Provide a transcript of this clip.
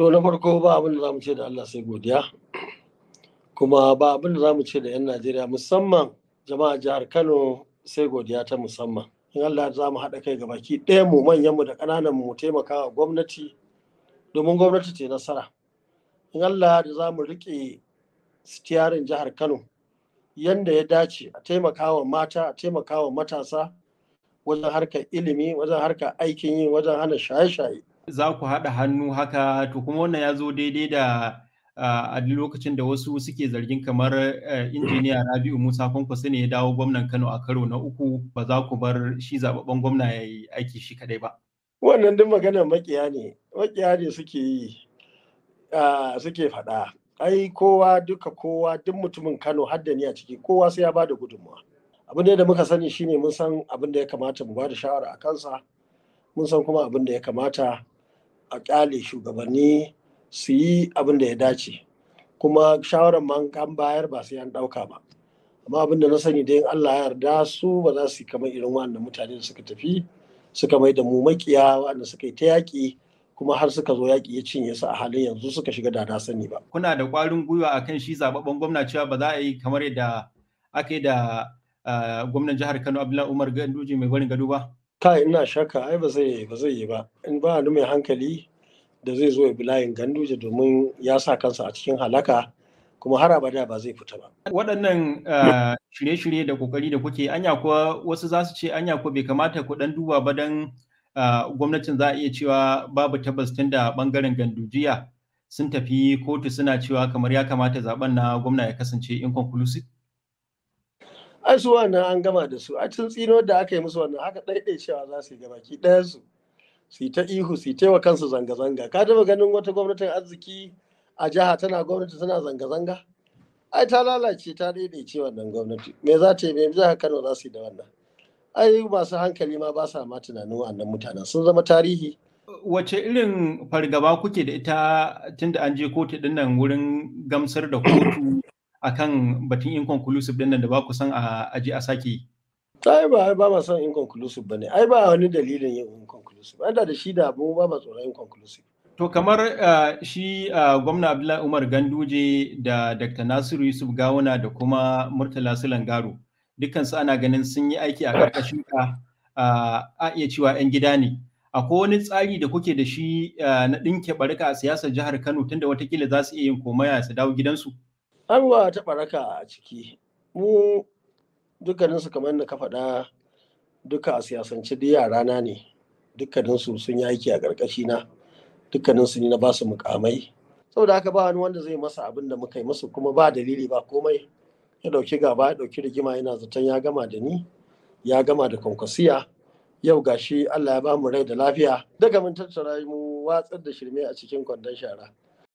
to na farko ba abin da za mu ce da Allah sai godiya kuma ba abin da za mu ce da 'yan Najeriya musamman jama'a jihar Kano sai godiya ta musamman in Allah za mu haɗa kai gabaki ɗaya mu manyan mu da ƙananan mu taimaka wa gwamnati domin gwamnati ce nasara in Allah da za mu riƙe sitiyarin jihar Kano yanda ya dace a taimaka wa mata a taimaka wa matasa wajen harkar ilimi wajen harkar aikin yi wajen hana shaye-shaye za ku haɗa hannu haka to kuma wannan ya zo daidai da a lokacin da wasu suke zargin kamar injiniya rabi'u musa kwankwaso ne ya dawo gwamnan kano a karo na uku ba za ku bar shi zaɓaɓɓen gwamna ya yi aiki shi kadai ba wannan duk maganar makiya ne makiya ne suke yi suke faɗa ai kowa duka kowa duk mutumin kano har da ni a ciki kowa sai ya ba da gudunmawa abin da muka sani shine mun san abin da ya kamata mu ba da shawara a kansa mun san kuma abin da ya kamata a kyale shugabanni su yi abin da ya dace kuma shawarar man kan bayar ba sai an ɗauka ba amma abin da na sani da dai Allah ya yarda su ba za su yi kamar irin wannan mutane da suka tafi suka mai da mu makiya wanda suka yi ta yaki kuma har suka zo yaki ya cinye su a halin yanzu suka shiga da sani ba. Kuna da ƙwarin gwiwa a kan shi zababban gwamna cewa ba za a yi kamar yadda aka yi da ah, gwamnan jihar Kano Abdullahi Umar Ganduje mai barin gado ba? Kai ina shakka ai ba zai yi ba zai yi ba. In ba ni mai hankali da zai zo ya bi layin Ganduje domin ya sa kansa a cikin halaka kuma har abada ba zai fita ba. Waɗannan ah, shirye-shirye da kokari da kuke anya kuwa wasu za su ce anya ko bai kamata ku ɗan duba ba dan ah, gwamnatin za a iya cewa babu tabbas tun da gandu jiya sun tafi kotu suna cewa kamar ya kamata zaben na gwamna ya kasance in inconclusive. ai su wannan an gama da su a cin tsino da aka yi musu wannan haka ɗaiɗai cewa za su yi gabaki ɗayan su su ta ihu su ta wa kansu zanga-zanga ka taɓa ganin wata gwamnatin arziki a jiha tana gwamnati tana zanga-zanga ai ta lalace ta ce wannan gwamnati me za ta yi me za kano za su yi da wannan ai masu hankali ma ba sa ma tunanin wannan mutanen sun zama tarihi wace irin fargaba kuke da ita tunda an je kotu ɗinnan wurin gamsar da kotu a kan batun inconclusive din nan da ba ku san a aje a sake yi ai ba ba ma son inconclusive bane ai ba wani dalilin yin inconclusive an da shi da abu ba ma tsoron inconclusive to kamar shi gwamna Abdullahi Umar Ganduje da Dr. Nasiru Yusuf Gawuna da kuma Murtala Sulangaro dukkan su ana ganin sun yi aiki a ƙarƙashin ka a iya cewa yan gida ne akwai wani tsari da kuke da shi na ɗinke barka a siyasar jihar Kano tunda watakila za su iya yin komaya su dawo gidansu har wa ta baraka a ciki mu dukkaninsu kamar da ka faɗa duka a siyasance dai yara na ne dukkaninsu sun yi aiki a ƙarƙashi na dukkaninsu ne na ba su mukamai saboda haka ba wani wanda zai masa abin da muka yi masa kuma ba dalili ba komai ya ɗauki gaba ya ɗauki rigima yana zaton ya gama da ni ya gama da kwankwasiya yau gashi Allah ya ba mu rai da lafiya daga mun tattara mu watsar da shirme a cikin kwandon shara